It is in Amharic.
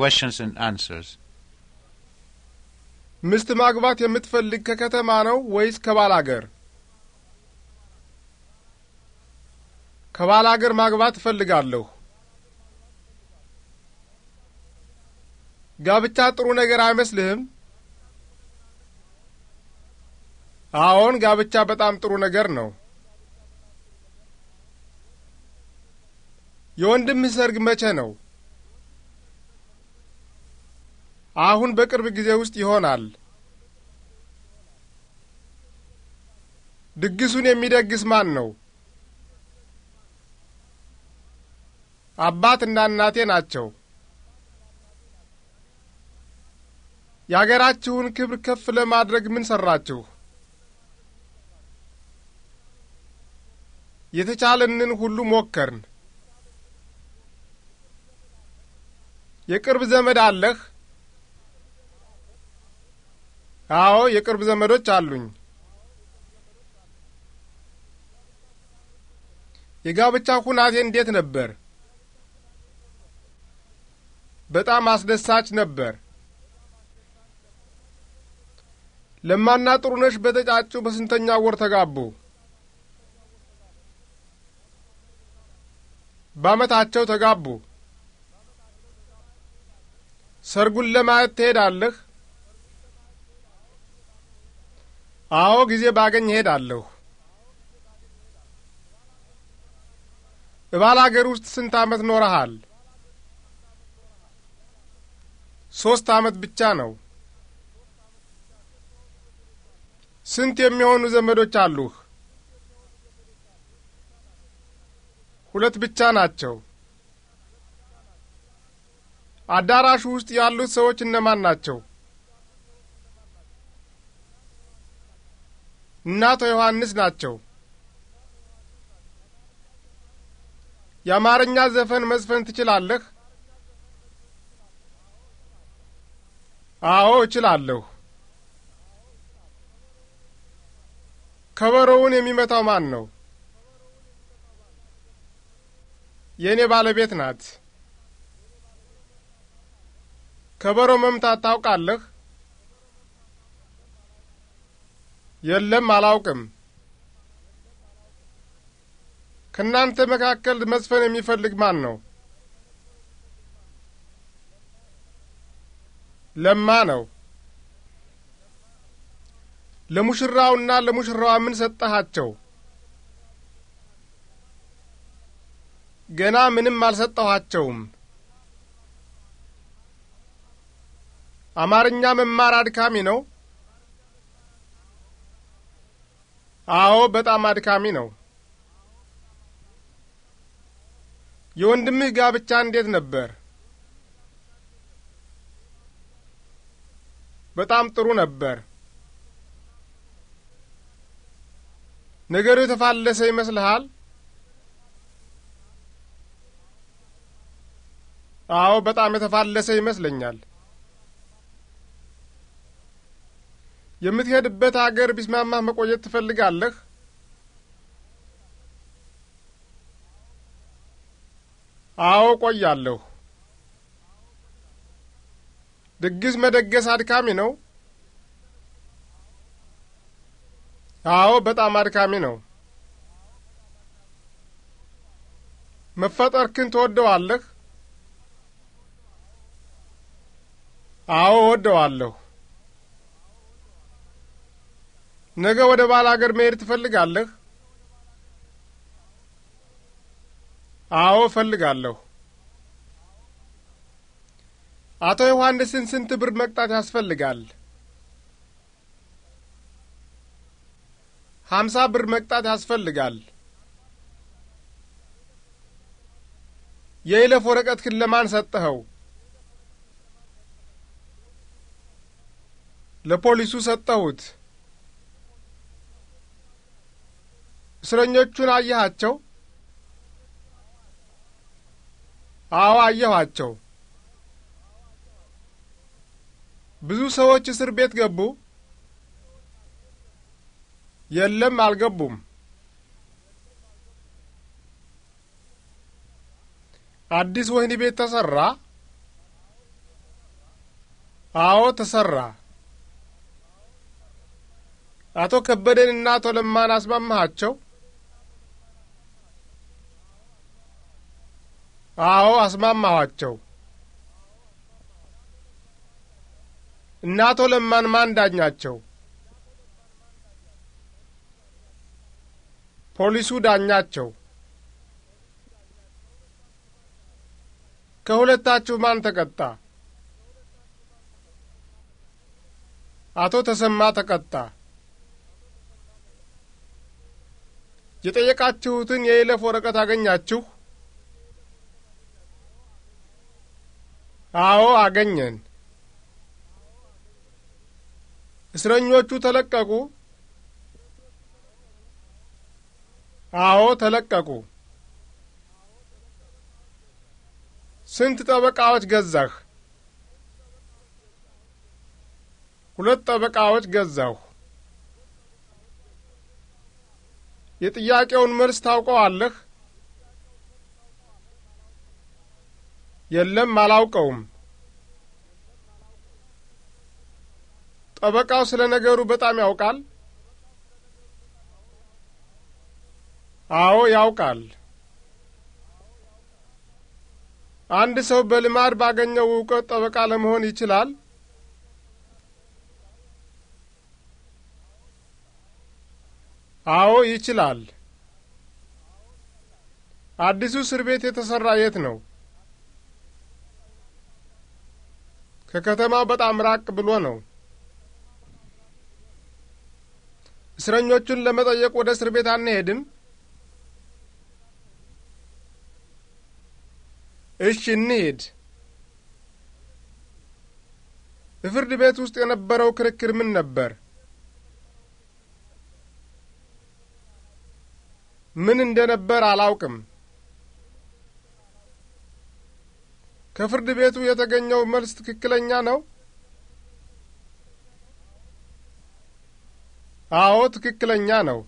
questions and answers. ሚስት ማግባት የምትፈልግ ከከተማ ነው ወይስ ከባል አገር? ከባል አገር ማግባት እፈልጋለሁ። ጋብቻ ጥሩ ነገር አይመስልህም? አዎን፣ ጋብቻ በጣም ጥሩ ነገር ነው። የወንድምህ ሰርግ መቼ ነው? አሁን በቅርብ ጊዜ ውስጥ ይሆናል። ድግሱን የሚደግስ ማን ነው? አባትና እናቴ ናቸው። የአገራችሁን ክብር ከፍ ለማድረግ ምን ሠራችሁ? የተቻለንን ሁሉ ሞከርን። የቅርብ ዘመድ አለህ? አዎ፣ የቅርብ ዘመዶች አሉኝ። የጋብቻ ሁናቴ እንዴት ነበር? በጣም አስደሳች ነበር። ለማና ጥሩነሽ በተጫጩ በስንተኛ ወር ተጋቡ? በዓመታቸው ተጋቡ። ሰርጉን ለማየት ትሄዳለህ? አዎ፣ ጊዜ ባገኝ እሄዳለሁ። እባል አገር ውስጥ ስንት ዓመት ኖረሃል? ሦስት ዓመት ብቻ ነው። ስንት የሚሆኑ ዘመዶች አሉህ? ሁለት ብቻ ናቸው። አዳራሹ ውስጥ ያሉት ሰዎች እነማን ናቸው? እናቶ ዮሐንስ ናቸው። የአማርኛ ዘፈን መዝፈን ትችላለህ? አዎ እችላለሁ። ከበሮውን የሚመታው ማን ነው? የእኔ ባለቤት ናት። ከበሮ መምታት ታውቃለህ? የለም አላውቅም። ከእናንተ መካከል መዝፈን የሚፈልግ ማን ነው? ለማ ነው። ለሙሽራውና ለሙሽራዋ ምን ሰጠሃቸው? ገና ምንም አልሰጠኋቸውም። አማርኛ መማር አድካሚ ነው። አዎ፣ በጣም አድካሚ ነው። የወንድምህ ጋብቻ እንዴት ነበር? በጣም ጥሩ ነበር። ነገሩ የተፋለሰ ይመስልሃል? አዎ፣ በጣም የተፋለሰ ይመስለኛል። የምትሄድበት አገር ቢስማማህ መቆየት ትፈልጋለህ? አዎ ቆያለሁ። ድግስ መደገስ አድካሚ ነው? አዎ በጣም አድካሚ ነው። መፈጠርክን ትወደዋለህ? አዎ እወደዋለሁ። ነገ ወደ ባል አገር መሄድ ትፈልጋለህ? አዎ እፈልጋለሁ። አቶ ዮሐንስን ስንት ብር መቅጣት ያስፈልጋል? ሀምሳ ብር መቅጣት ያስፈልጋል። የይለፍ ወረቀትህን ለማን ሰጠኸው? ለፖሊሱ ሰጠሁት። እስረኞቹን አየሃቸው? አዎ አየኋቸው። ብዙ ሰዎች እስር ቤት ገቡ? የለም አልገቡም። አዲስ ወህኒ ቤት ተሰራ? አዎ ተሰራ። አቶ ከበደንና አቶ ለማን አስማማሃቸው? አዎ አስማማኋቸው። እናቶ አቶ ለማን ማን ዳኛቸው? ፖሊሱ ዳኛቸው። ከሁለታችሁ ማን ተቀጣ? አቶ ተሰማ ተቀጣ። የጠየቃችሁትን የይለፍ ወረቀት አገኛችሁ? አዎ አገኘን። እስረኞቹ ተለቀቁ? አዎ ተለቀቁ። ስንት ጠበቃዎች ገዛህ? ሁለት ጠበቃዎች ገዛሁ። የጥያቄውን መልስ ታውቀዋለህ? የለም አላውቀውም። ጠበቃው ስለ ነገሩ በጣም ያውቃል። አዎ ያውቃል። አንድ ሰው በልማድ ባገኘው እውቀት ጠበቃ ለመሆን ይችላል? አዎ ይችላል። አዲሱ እስር ቤት የተሰራ የት ነው? ከከተማው በጣም ራቅ ብሎ ነው። እስረኞቹን ለመጠየቅ ወደ እስር ቤት አንሄድም። እሺ እንሄድ? እፍርድ ቤት ውስጥ የነበረው ክርክር ምን ነበር? ምን እንደነበር አላውቅም። ከፍርድ ቤቱ የተገኘው መልስ ትክክለኛ ነው? አዎ ትክክለኛ ነው።